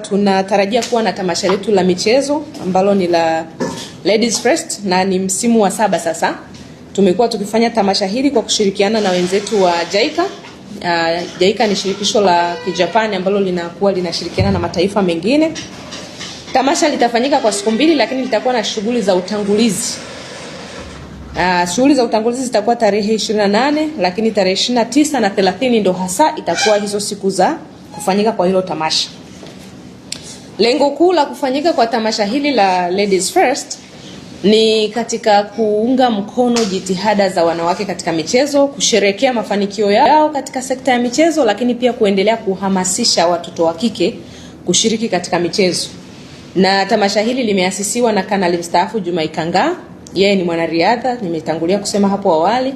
Tunatarajia kuwa na tamasha letu la michezo ambalo ni la Ladies First na ni msimu wa saba sasa. Tumekuwa tukifanya tamasha hili kwa kushirikiana na wenzetu wa jaika Uh, jaika ni shirikisho la Kijapani ambalo linakuwa linashirikiana na mataifa mengine. Tamasha litafanyika kwa siku mbili, lakini litakuwa na shughuli za utangulizi. Uh, shughuli za utangulizi zitakuwa tarehe 28 lakini tarehe 29 na 30 ndo hasa itakuwa hizo siku za kufanyika kwa hilo tamasha. Lengo kuu la kufanyika kwa tamasha hili la Ladies First ni katika kuunga mkono jitihada za wanawake katika michezo, kusherekea mafanikio yao katika sekta ya michezo, lakini pia kuendelea kuhamasisha watoto wa kike kushiriki katika michezo. Na tamasha hili limeasisiwa na kanali mstaafu Juma Ikangaa. Yeye ni mwanariadha, nimetangulia kusema hapo awali,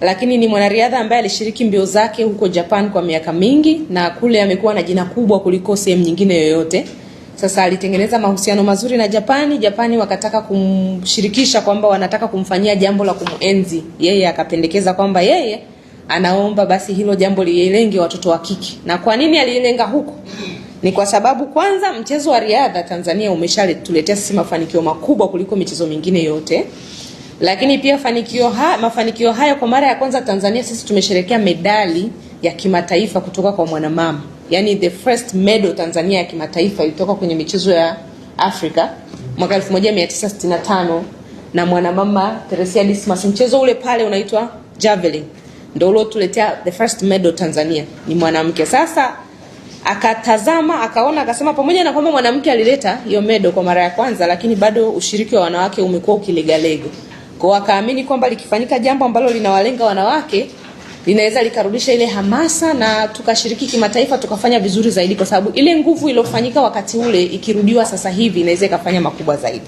lakini ni mwanariadha ambaye alishiriki mbio zake huko Japan kwa miaka mingi na kule amekuwa na jina kubwa kuliko sehemu nyingine yoyote. Sasa alitengeneza mahusiano mazuri na Japani. Japani wakataka kumshirikisha kwamba wanataka kumfanyia jambo la kumuenzi yeye, akapendekeza kwamba yeye anaomba basi hilo jambo lielenge watoto wa kike. Na kwa nini alielenga huko? Ni kwa sababu kwanza, mchezo wa riadha Tanzania umeshatuletea sisi mafanikio makubwa kuliko michezo mingine yote, lakini pia fanikio ha, mafanikio haya, kwa mara ya kwanza Tanzania sisi tumesherekea medali ya kimataifa kutoka kwa mwanamama yani the first medal Tanzania ya kimataifa ilitoka kwenye michezo ya Afrika mwaka 1965 na mwanamama Teresia Dismas. Mchezo ule pale unaitwa javelin, ndio ule tuletea the first medal Tanzania, ni mwanamke. Sasa akatazama akaona, akasema pamoja na kwamba mwanamke alileta hiyo medal kwa mara ya kwanza, lakini bado ushiriki wa wanawake umekuwa ukilegalega kwa akaamini kwamba likifanyika jambo ambalo linawalenga wanawake linaweza likarudisha ile hamasa na tukashiriki kimataifa tukafanya vizuri zaidi, kwa sababu ile nguvu iliyofanyika wakati ule ikirudiwa sasa hivi inaweza ikafanya makubwa zaidi.